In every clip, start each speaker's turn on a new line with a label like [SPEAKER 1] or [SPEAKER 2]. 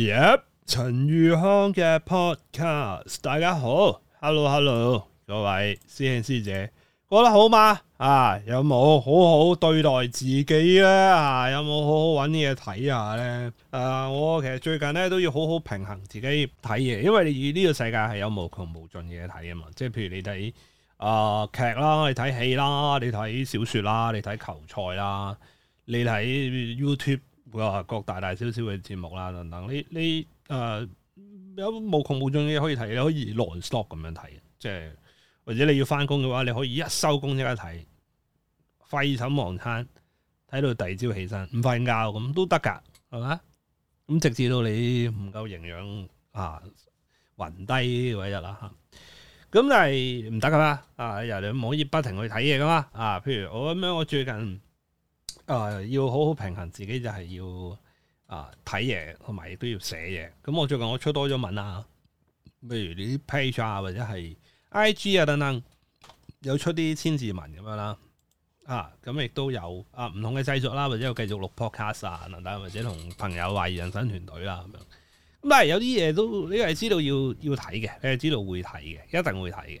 [SPEAKER 1] Yep, 陳宇康嘅 Podcast，大家好，Hello Hello，各位師兄師姐過得好嗎？啊，有冇好好對待自己咧？啊，有冇好好揾啲嘢睇下咧？誒、啊，我其實最近咧都要好好平衡自己睇嘢，因為你呢個世界係有無窮無盡嘢睇啊嘛，即係譬如你睇啊劇啦，你睇戲啦，你睇小說啦，你睇球賽啦，你睇 YouTube。會話各大大小小嘅節目啦等等，你你誒、呃、有無窮無盡嘅嘢可以睇，你可以 non-stop 咁樣睇，即係或者你要翻工嘅話，你可以一收工即刻睇，廢寢忘餐睇到第二朝起身唔瞓覺咁都得噶，係嘛？咁直至到你唔夠營養啊，暈低嗰一日啦吓，但係唔得噶啦，啊人哋唔可以不停去睇嘢噶嘛，啊譬如我咁樣，我最近。啊、呃！要好好平衡自己就係要啊睇嘢，同埋亦都要寫嘢。咁我最近我出多咗文啊，譬如啲 Page 啊，或者係 IG 啊等等，有出啲千字文咁樣啦。啊，咁、嗯、亦都有啊唔同嘅製作啦、啊，或者有繼續錄 podcast 啊等等，或者同朋友懷疑人生團隊啦咁樣。咁但係有啲嘢都你個係知道要要睇嘅，你係知道會睇嘅，一定會睇嘅。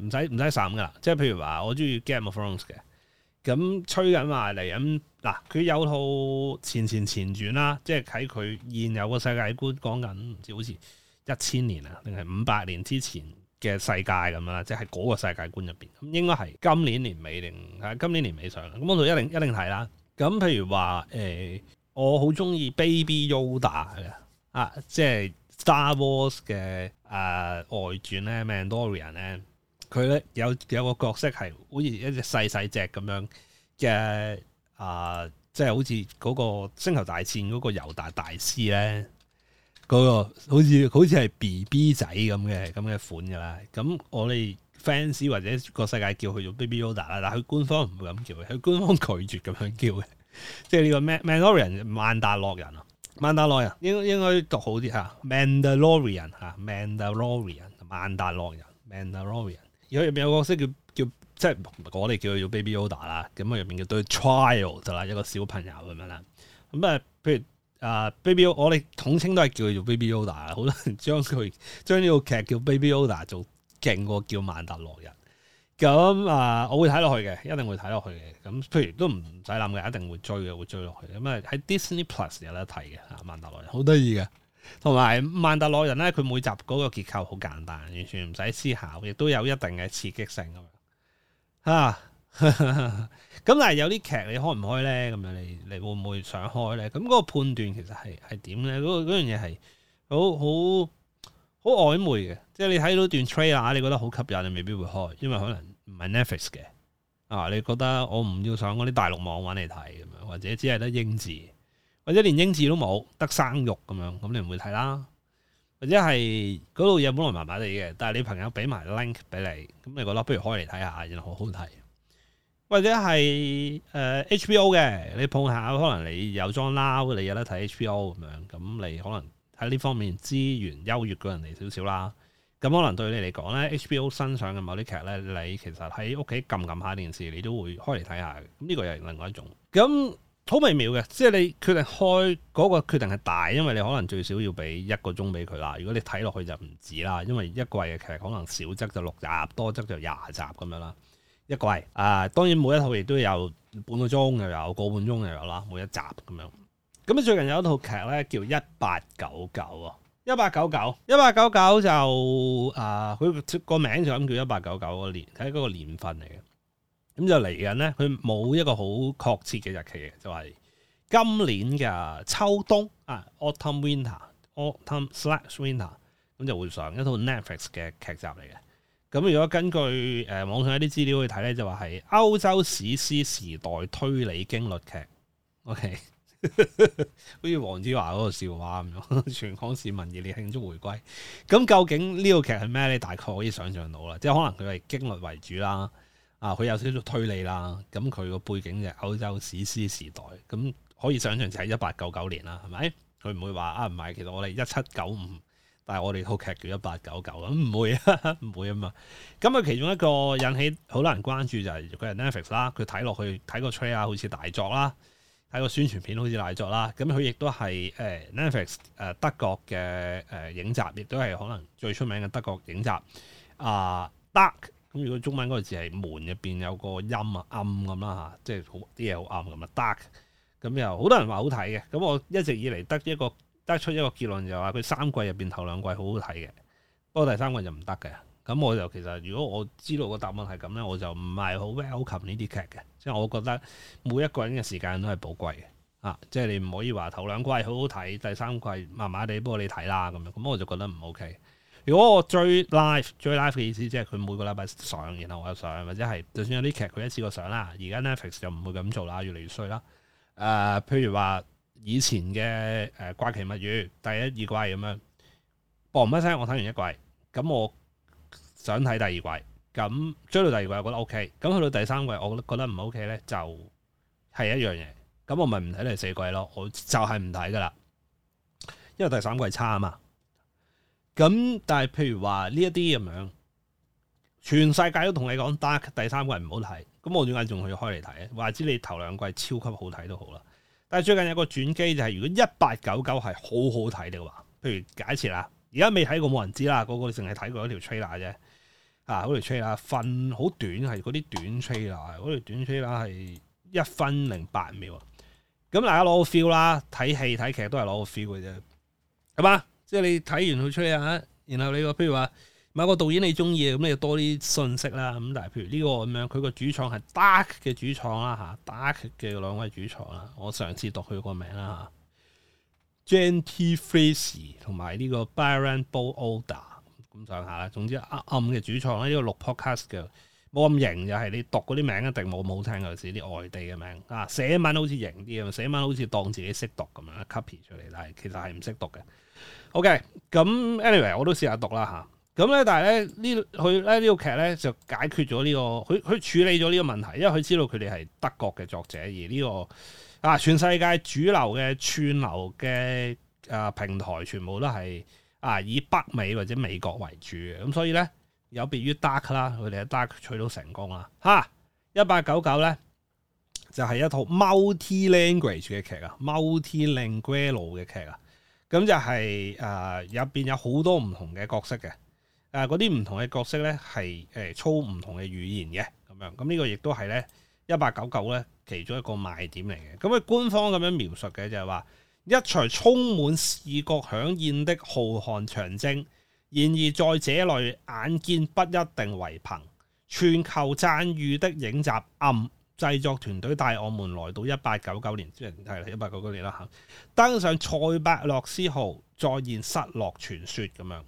[SPEAKER 1] 唔使唔使省㗎啦。即係譬如話我中意 Game of Thrones 嘅。咁吹緊話嚟咁，嗱，佢有套前前前傳啦，即係喺佢現有世世個世界觀講緊，唔知好似一千年啊，定係五百年之前嘅世界咁樣啦，即係嗰個世界觀入邊，應該係今年年尾定喺今年年尾上嘅。咁我都一定一定睇啦。咁譬如話誒、呃，我好中意 Baby Yoda 嘅啊，即係 Star Wars 嘅誒、呃、外傳咧 Mandalorian 咧。佢咧，有有個角色係好似一隻細細隻咁樣嘅啊，即係好似嗰個星球大戰嗰個尤達大師咧，嗰個好似好似係 BB 仔咁嘅咁嘅款噶啦。咁我哋 fans 或者個世界叫佢做 BB Yoda 啦，但佢官方唔會咁叫嘅，佢官方拒絕咁樣叫嘅。即係呢個 Manorian 曼達洛人啊，曼達洛人應應該讀好啲嚇 Mandalorian 嚇 Mandalorian 曼達洛人，Mandalorian。佢入面有個角色叫叫即係我哋叫佢做 Baby Yoda 啦，咁啊入面叫對 Child 就啦，一個小朋友咁樣啦。咁、嗯、啊，譬如啊 Baby Yoda，我哋統稱都係叫佢做 Baby Yoda。好多人將佢將呢個劇叫 Baby Yoda 做勁過叫曼達洛人。咁、嗯、啊，我會睇落去嘅，一定會睇落去嘅。咁譬如都唔使諗嘅，一定會追嘅，會追落去。咁、嗯、啊喺 Disney Plus 有得睇嘅啊，曼達洛人好得意嘅。同埋《曼達洛人》咧，佢每集嗰個結構好簡單，完全唔使思考，亦都有一定嘅刺激性咁樣。啊，咁 但係有啲劇你開唔開咧？咁樣你你會唔會想開咧？咁嗰個判斷其實係係點咧？嗰嗰樣嘢係好好好曖昧嘅，即係你睇到段 trailer 啊，你覺得好吸引，你未必會開，因為可能唔係 Netflix 嘅啊，你覺得我唔要上嗰啲大陸網揾嚟睇咁樣，或者只係得英字。或者連英字都冇，得生肉咁樣，咁你唔會睇啦。或者係嗰度嘢本來麻麻地嘅，但係你朋友俾埋 link 俾你連連，咁你覺得不如開嚟睇下，原來好好睇。或者係誒、呃、HBO 嘅，你碰下，可能你有裝撈，你有得睇 HBO 咁樣，咁你可能喺呢方面資源優越過人哋少少啦。咁可能對你嚟講咧，HBO 身上嘅某啲劇咧，你其實喺屋企撳撳下電視，你都會開嚟睇下。咁呢個又係另外一種咁。好微妙嘅，即係你決定開嗰個決定係大，因為你可能最少要俾一個鐘俾佢啦。如果你睇落去就唔止啦，因為一季嘅劇可能少則就六集，多則就廿集咁樣啦。一季啊，當然每一套亦都有半個鐘，又有個半鐘又有啦。每一集咁樣。咁、嗯、咧最近有一套劇呢，叫一八九九啊，一八九九，一八九九就啊，佢個名就咁叫一八九九，嗰個年，睇、嗰、嗰、個、年份嚟嘅。咁就嚟緊咧，佢冇一個好確切嘅日期嘅，就係、是、今年嘅秋冬啊，autumn winter，autumn slash winter，咁就會上一套 Netflix 嘅劇集嚟嘅。咁如果根據誒、呃、網上一啲資料去睇咧，就話係歐洲史詩時代推理驚慄劇。OK， 好似黃子華嗰個笑話咁樣，全港市民熱烈慶祝回歸。咁究竟呢套劇係咩咧？你大概可以想象到啦，即係可能佢係驚慄為主啦。啊！佢有少少推理啦，咁佢個背景就歐洲史詩時代，咁可以想象就係一八九九年啦，係咪？佢唔會話啊唔係，其實我哋一七九五，但係我哋套劇叫一八九九，咁唔會啊，唔會啊 嘛。咁啊，其中一個引起好多人關注就係佢係 Netflix 啦，佢睇落去睇個 trailer 啊，好似大作啦，睇個宣傳片好似大作啦。咁佢亦都係誒 Netflix 誒、呃、德國嘅誒、呃、影集，亦都係可能最出名嘅德國影集啊、呃，Dark 咁如果中文嗰字係門入邊有個音啊，暗咁啦嚇，即係好啲嘢好暗咁啊得。咁又好多人話好睇嘅，咁我一直以嚟得一個得出一個結論就係話佢三季入邊頭兩季好好睇嘅，不過第三季就唔得嘅。咁我就其實如果我知道個答案係咁咧，我就唔係好 welcome 呢啲劇嘅，即係我覺得每一個人嘅時間都係寶貴嘅啊，即係你唔可以話頭兩季好好睇，第三季麻麻地幫，不過你睇啦咁樣，咁我就覺得唔 ok。如果我追 live 追 live 嘅意思，即係佢每個禮拜上，然後我又上，或者係就算有啲劇，佢一次過上啦。而家 Netflix 就唔會咁做啦，越嚟越衰啦。誒、呃，譬如話以前嘅誒《怪、呃、奇物語》第一、二季咁樣，嘣、哦、一聲我睇完一季，咁我想睇第二季，咁追到第二季，我覺得 OK，咁去到第三季，我覺得唔 OK 呢，就係一樣嘢。咁我咪唔睇第四季咯，我就係唔睇噶啦，因為第三季差啊嘛。咁但係譬如話呢一啲咁樣，全世界都同你講，第三第三季唔好睇。咁我點解仲去開嚟睇咧？話知你頭兩季超級好睇都好啦。但係最近有個轉機就係、是，如果一八九九係好好睇的話，譬如假設啦，而家未睇過冇人知啦，嗰、那個淨係睇過一條 trailer 啫。啊，嗰條 trailer 份好短，係嗰啲短 trailer，嗰條短 trailer 係一分零八秒。咁大家攞個 feel 啦，睇戲睇劇都係攞個 feel 嘅啫。咁啊～即係你睇完佢出嚟嚇，然後你個譬如話某個導演你中意嘅，咁你就多啲信息啦。咁但係譬如呢、這個咁樣，佢個主創係 Dark 嘅主創啦嚇，Dark 嘅兩位主創啦。我上次讀佢個名啦嚇，Jantje Friese 同埋呢個 Baran bo Odar 咁上下啦。總之暗暗嘅主創咧，呢、這個六 podcast 嘅冇咁型，就係、是、你讀嗰啲名一定冇冇聽過，似啲外地嘅名啊。寫文好似型啲咁，寫文好似當自己識讀咁樣 copy 出嚟，但係其實係唔識讀嘅。O.K. 咁 Anyway，我都試下讀啦吓。咁、啊、咧，但係咧呢佢咧、這個、呢套劇咧就解決咗呢、這個佢佢處理咗呢個問題，因為佢知道佢哋係德國嘅作者，而呢、這個啊全世界主流嘅串流嘅啊平台全部都係啊以北美或者美國為主嘅。咁、啊、所以咧有別於 Dark 啦，佢哋喺 Dark 取到成功啦。吓1899咧就係、是、一套 multi-language 嘅劇啊，multi-language 嘅劇啊。咁就係誒入邊有好多唔同嘅角色嘅，誒嗰啲唔同嘅角色咧係誒操唔同嘅語言嘅，咁樣咁呢個亦都係咧一八九九咧其中一個賣點嚟嘅。咁佢官方咁樣描述嘅就係話一場充滿視覺饗宴的浩瀚長征，然而在這裏眼見不一定為憑，全球讚譽的影集暗。製作團隊帶我們來到一八九九年，即係一八九九年啦，登上賽伯洛斯號，再現失落傳說咁樣。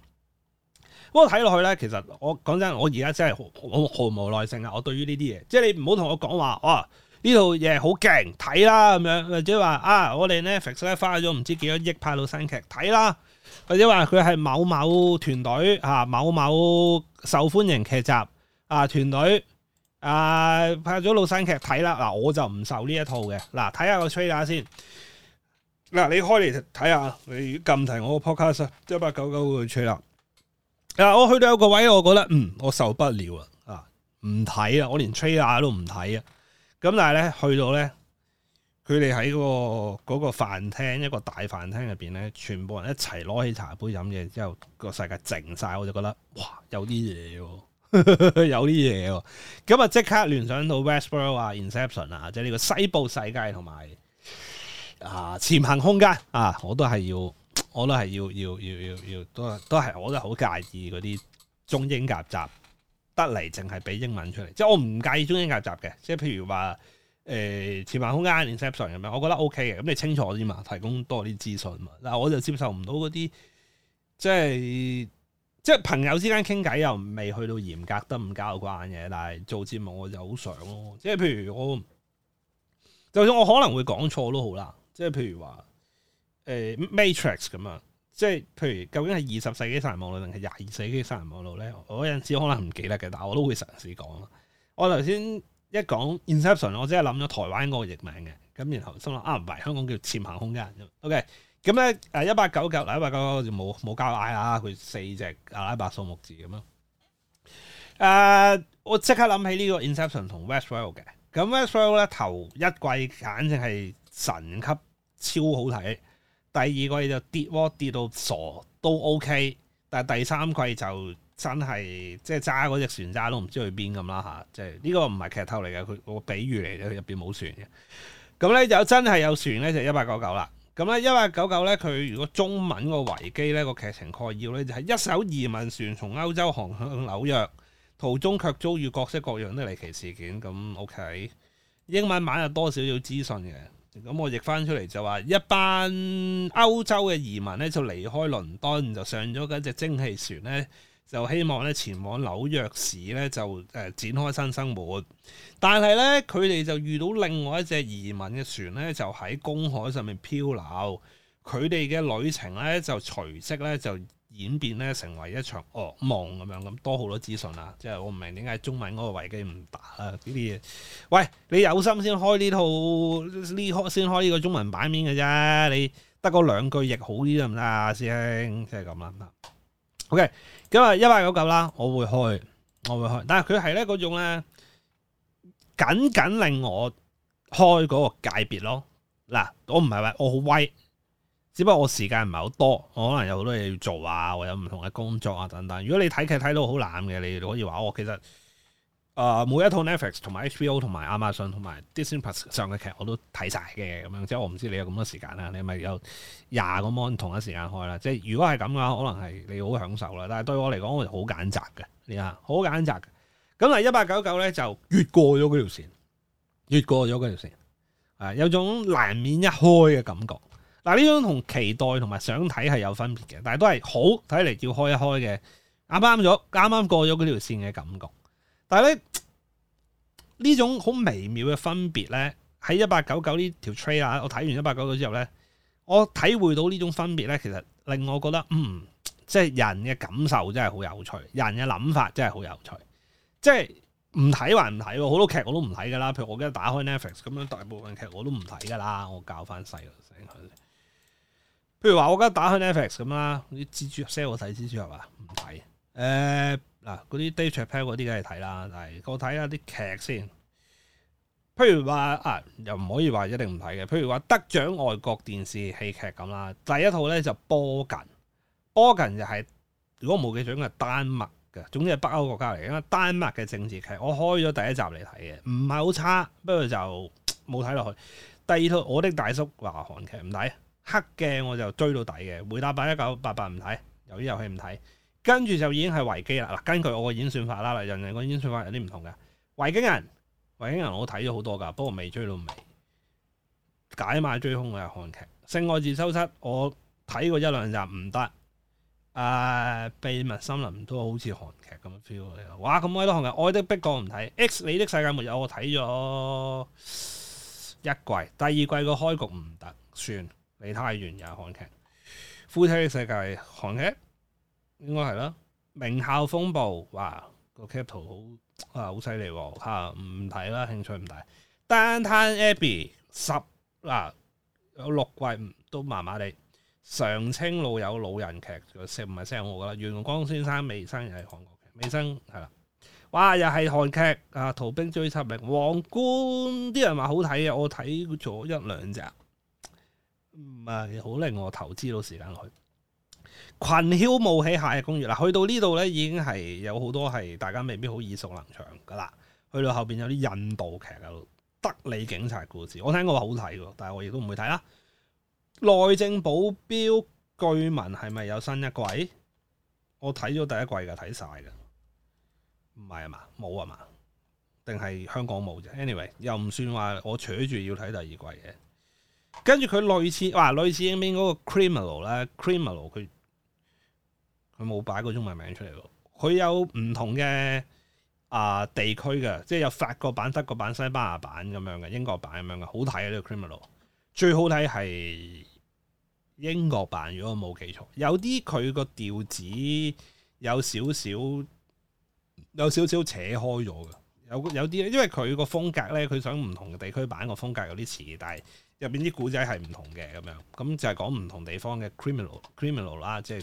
[SPEAKER 1] 不過睇落去咧，其實我講真，我而家真係我毫無耐性啊！我對於呢啲嘢，即係你唔好同我講話，哇！呢套嘢好勁睇啦，咁樣或者話啊，我哋咧 Netflix 咧花咗唔知幾多億拍到新劇睇啦，或者話佢係某某團隊啊，某某受歡迎劇集啊，團隊。啊，拍咗老山劇睇啦，嗱，我就唔受呢一套嘅。嗱，睇下個 trailer 先，嗱、啊、你開嚟睇下，你撳停我個 podcast 啊，七百九九個 trailer a 我去到有個位，我覺得嗯我受不了啊，啊唔睇啊，我連 trailer 都唔睇啊，咁但係咧去到咧，佢哋喺個嗰、那個飯廳，一個大飯廳入邊咧，全部人一齊攞起茶杯飲嘢之後，個世界靜晒，我就覺得哇，有啲嘢喎。 有啲嘢、啊，咁啊即刻聯想到 Westworld 啊、Inception 啊，即係呢個西部世界同埋啊，呃、潛行空間啊，我都係要，我都係要，要，要，要，要都，都係，我都好介意嗰啲中英夾雜，得嚟淨係俾英文出嚟。即係我唔介意中英夾雜嘅，即係譬如話誒潛行空間、Inception 咁樣，我覺得 OK 嘅，咁你清楚啲嘛，提供多啲資訊嘛，嗱我就接受唔到嗰啲即係。即係朋友之間傾偈又未去到嚴格得咁交關嘅，但係做節目我就好想咯、啊。即係譬如我，就算我可能會講錯都好啦。即係譬如話，誒、欸、Matrix 咁啊，即係譬如究竟係二十世紀殺人網絡定係廿二世紀殺人網絡咧？我有陣時可能唔記得嘅，但係我都會嘗試講咯。我頭先一講 Inception，我只係諗咗台灣嗰個譯名嘅，咁然後心諗啊唔係，香港叫潛行凶間，O K。Okay, 咁咧，誒一八九九，一八九九好似冇冇交嗌啊！佢四隻阿拉伯數目字咁咯。誒、啊，我即刻諗起個、嗯、呢個《Inception》同《Westworld》嘅。咁《Westworld》咧頭一季簡直係神級，超好睇。第二季就跌波跌到傻都 OK，但係第三季就真係即係揸嗰隻船揸都唔知去邊咁啦吓，即係呢、啊這個唔係劇透嚟嘅，佢個比喻嚟嘅，入邊冇船嘅。咁咧就真係有船咧，嗯、船就一八九九啦。咁咧，一八九九咧，佢如果中文個維基咧個劇情概要咧就係、是、一艘移民船從歐洲航向紐約，途中卻遭遇各式各樣的離奇事件。咁 OK，英文版有多少少資訊嘅？咁我譯翻出嚟就話，一班歐洲嘅移民咧就離開倫敦，就上咗嗰隻蒸汽船咧。就希望咧前往紐約市咧就誒展開新生活，但係咧佢哋就遇到另外一隻移民嘅船咧就喺公海上面漂流，佢哋嘅旅程咧就隨即咧就演變咧成為一場噩夢咁樣，咁多好多資訊啊！即係我唔明點解中文嗰個維基唔打啊！呢啲嘢：「喂你有心先開呢套呢開先開呢個中文版面嘅啫，你得嗰兩句譯好啲得唔得啊？師兄即係咁啦，唔得。OK，咁啊，一八九九啦，我會開，我會開，但係佢係咧嗰種咧，僅僅令我開嗰個界別咯。嗱，我唔係話我好威，只不過我時間唔係好多，我可能有好多嘢要做啊，我有唔同嘅工作啊等等。如果你睇劇睇到好懶嘅，你可以話我其實。誒，每一套 Netflix 同埋 HBO 同埋亞馬遜同埋 Disney Plus 上嘅劇我都睇晒嘅，咁樣即係我唔知你有咁多時間啦，你咪有廿個 mon 同一時間開啦。即係如果係咁嘅話，可能係你好享受啦。但係對我嚟講，我就好揀擇嘅，你睇下好揀擇嘅。咁嗱，一八九九咧就越過咗嗰條線，越過咗嗰條線，有種難免一開嘅感覺。嗱，呢種同期待同埋想睇係有分別嘅，但係都係好睇嚟要開一開嘅。啱啱咗，啱啱過咗嗰條線嘅感覺，但係咧。呢種好微妙嘅分別呢，喺一八九九呢條 trade 啊，我睇完一八九九之後呢，我體會到呢種分別呢，其實令我覺得，嗯，即係人嘅感受真係好有趣，人嘅諗法真係好有趣，即係唔睇還唔睇，好多劇我都唔睇噶啦，譬如我而家打開 Netflix 咁樣，大部分劇我都唔睇噶啦，我較返細個聲佢。譬如話我而家打開 Netflix 咁啦，啲蜘蛛俠我睇蜘蛛俠嘛，唔睇，誒、呃。啊！嗰啲 Day Trap 嗰啲梗係睇啦，但係我睇下啲劇先。譬如話啊，又唔可以話一定唔睇嘅。譬如話得獎外國電視戲劇咁啦，第一套咧就波艮，《波艮》就係如果冇記獎嘅丹麥嘅，總之係北歐國家嚟嘅，因為丹麥嘅政治劇，我開咗第一集嚟睇嘅，唔係好差，不過就冇睇落去。第二套《我的大叔》話韓劇唔睇，黑鏡我就追到底嘅，《回答八一九》八八唔睇，魷魚遊戲唔睇。跟住就已經係維基啦。嗱，根據我個演算法啦，啦，人人個演算法有啲唔同嘅。維京人，維京人我睇咗好多噶，不過未追到尾。解碼追兇嘅係韓劇，《性愛自修室》我睇過一兩集唔得。誒，呃《秘密森林》都好似韓劇咁 feel。哇，咁多韓劇，《愛的迫降》唔睇，《X 你的世界末日》我睇咗一季，第二季個開局唔得，算你太遠又韓劇，《夫妻的世界》韓劇。應該係啦，名校風暴，哇個截圖好啊，好犀利吓，唔睇啦，興趣唔大。《Downtown Abbey》十嗱、啊、有六季，都麻麻地。常青路有老人劇，唔係聲我噶啦。袁光先生,生韓國劇、尾生又係韓國劇，尾生係啦。哇，又係韓劇啊！《逃兵追緝令》、《王冠》，啲人話好睇啊，我睇咗一兩集，唔係好令我投資到時間去。群梟冒起夏日公寓啦，去到呢度咧已經係有好多係大家未必好耳熟能詳噶啦。去到後邊有啲印度劇，有德里警察故事，我聽過好睇噶，但係我亦都唔會睇啦。內政保鏢巨民係咪有新一季？我睇咗第一季噶，睇晒噶，唔係啊嘛，冇啊嘛，定係香港冇啫。Anyway，又唔算話我搶住要睇第二季嘅。跟住佢類似哇、啊，類似英國嗰個 criminal 啦，criminal 佢。佢冇擺個中文名出嚟咯，佢有唔同嘅啊、呃、地區嘅，即係有法國版、德國版、西班牙版咁樣嘅，英國版咁樣嘅，好睇啊！呢、呢個《criminal》最好睇係英國版，如果我冇記錯，有啲佢個調子有少少有少少扯開咗嘅，有有啲咧，因為佢個風格咧，佢想唔同嘅地區版個風格有啲似，但係。入邊啲古仔係唔同嘅咁樣，咁就係講唔同地方嘅 criminal，criminal 啦，即係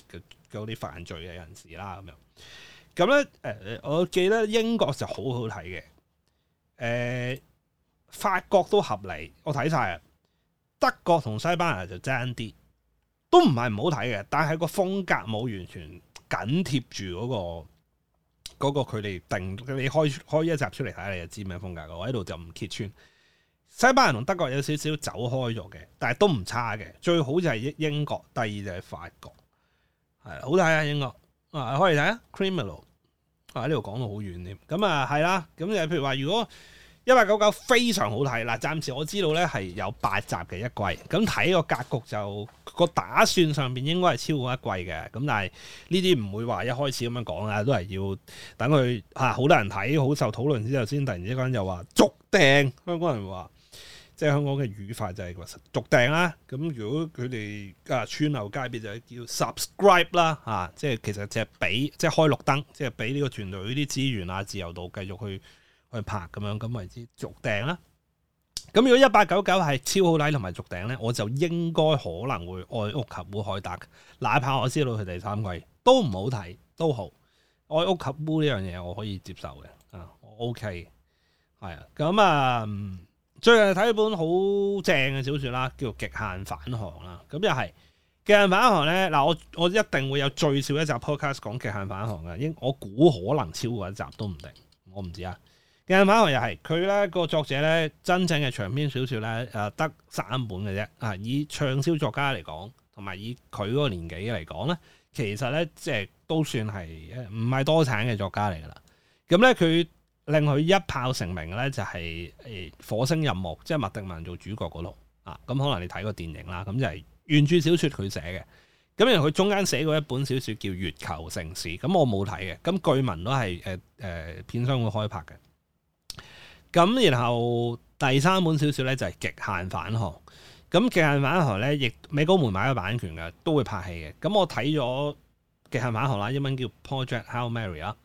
[SPEAKER 1] 嗰啲犯罪嘅人士啦咁樣。咁咧，誒、呃，我記得英國就好好睇嘅，誒、欸，法國都合理，我睇晒啊，德國同西班牙就爭啲，都唔係唔好睇嘅，但係個風格冇完全緊貼住嗰個，嗰、嗰個佢哋定你開開一集出嚟睇下，你就知咩風格咯。我喺度就唔揭穿。西班牙同德國有少少走開咗嘅，但係都唔差嘅。最好就係英英國，第二就係法國，係好睇啊！英國啊，可以睇啊！Criminal 啊，呢度講到好遠添。咁啊，係啦。咁就係譬如話，如果一八九九非常好睇，嗱、啊，暫時我知道咧係有八集嘅一季。咁、啊、睇個格局就個打算上邊應該係超過一季嘅。咁、啊、但係呢啲唔會話一開始咁樣講啊，都係要等佢吓好多人睇，好受討論之後，先突然之間又話續訂。香港人話。即係香港嘅語法就係話續訂啦，咁如果佢哋啊村後街邊就係叫 subscribe 啦，啊，即係其實就係俾即係開綠燈，即係俾呢個團隊啲資源啊，自由度繼續去去拍咁樣咁為之續訂啦。咁如果一八九九係超好睇同埋續訂咧，我就應該可能會愛屋及烏海達，哪怕我知道佢第三季都唔好睇都好，愛屋及烏呢樣嘢我可以接受嘅啊，我 OK 係啊，咁、嗯、啊。最近睇一本好正嘅小說啦，叫《極限返航》啦，咁又係《極限返航》咧。嗱，我我一定會有最少一集 podcast 講《極限返航》嘅，應我估可能超過一集都唔定，我唔知啊。極返《極限返航》又係佢咧個作者咧，真正嘅長篇小說咧誒得三本嘅啫。啊，以暢銷作家嚟講，同埋以佢嗰個年紀嚟講咧，其實咧即係都算係唔係多產嘅作家嚟噶啦。咁咧佢。令佢一炮成名嘅咧，就係誒《火星任務》，即係麥迪曼做主角嗰度啊！咁可能你睇過電影啦，咁就係原著小説佢寫嘅。咁然後佢中間寫過一本小説叫《月球城市》，咁我冇睇嘅。咁據聞都係誒誒片商會開拍嘅。咁然後第三本小説咧就係、是《極限返航》。咁《極限返航》咧，亦美高梅買咗版權噶，都會拍戲嘅。咁我睇咗《極限返航》啦，英文叫《Project Hail Mary》啊。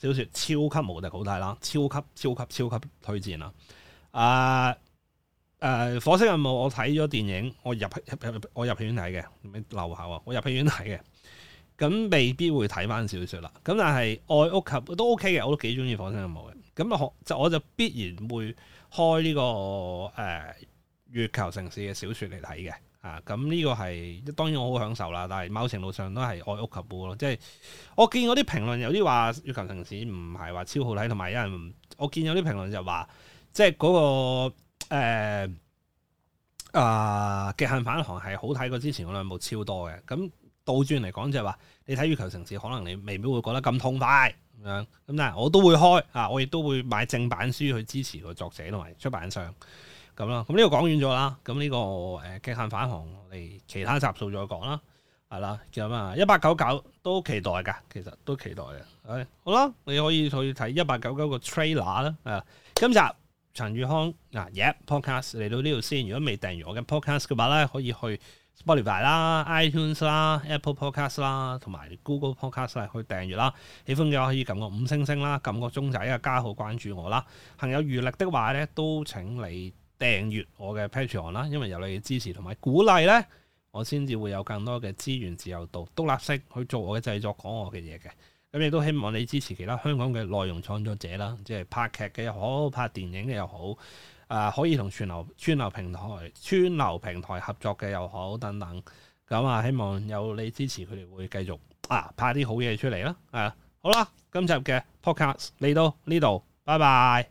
[SPEAKER 1] 小說超級無敵好睇啦，超級超級超級推薦啦！啊、呃、誒、呃，火星任務我睇咗電影，我入入我入戲院睇嘅，咩樓下啊，我入戲院睇嘅，咁未必會睇返小說啦。咁但係愛屋及都 OK 嘅，我都幾中意火星任務嘅。咁就就我就必然會開呢、這個誒、呃、月球城市嘅小說嚟睇嘅。啊，咁、這、呢個係當然我好享受啦，但係某程度上都係愛屋及烏咯。即係我見嗰啲評論有啲話《月球城市》唔係話超好睇，同埋有人我見有啲評論就話，即係嗰、那個啊、呃呃、極限返航係好睇過之前嗰兩部超多嘅。咁、嗯、倒轉嚟講就係話，你睇《月球城市》可能你未必會覺得咁痛快咁樣。咁但係我都會開啊，我亦都會買正版書去支持個作者同埋出版商。咁啦，咁呢個講完咗啦，咁、這、呢個誒、這個呃、極限反航，我其他集數再講啦，係啦，叫咩啊？一八九九都期待㗎，其實都期待嘅，好啦，你可以去睇一八九九個 trailer 啦，誒，今集陳宇康嗱，嘢、啊 yeah, podcast p 嚟到呢度先，如果未訂閱我嘅 podcast 嘅話咧，可以去 Spotify 啦、iTunes 啦、Apple Podcast 啦，同埋 Google Podcast 去訂閲啦，喜歡嘅可以撳個五星星啦，撳個鐘仔啊加號關注我啦，行有餘力的話咧，都請你。訂閱我嘅 Patreon 啦，因為有你嘅支持同埋鼓勵呢，我先至會有更多嘅資源自由度、獨立式去做我嘅製作、講我嘅嘢嘅。咁亦都希望你支持其他香港嘅內容創作者啦，即係拍劇嘅又好、拍電影嘅又好，啊可以同串流串流平台、串流平台合作嘅又好等等。咁啊，希望有你支持，佢哋會繼續拍啊拍啲好嘢出嚟咯。誒，好啦，今集嘅 Podcast 嚟到呢度，拜拜。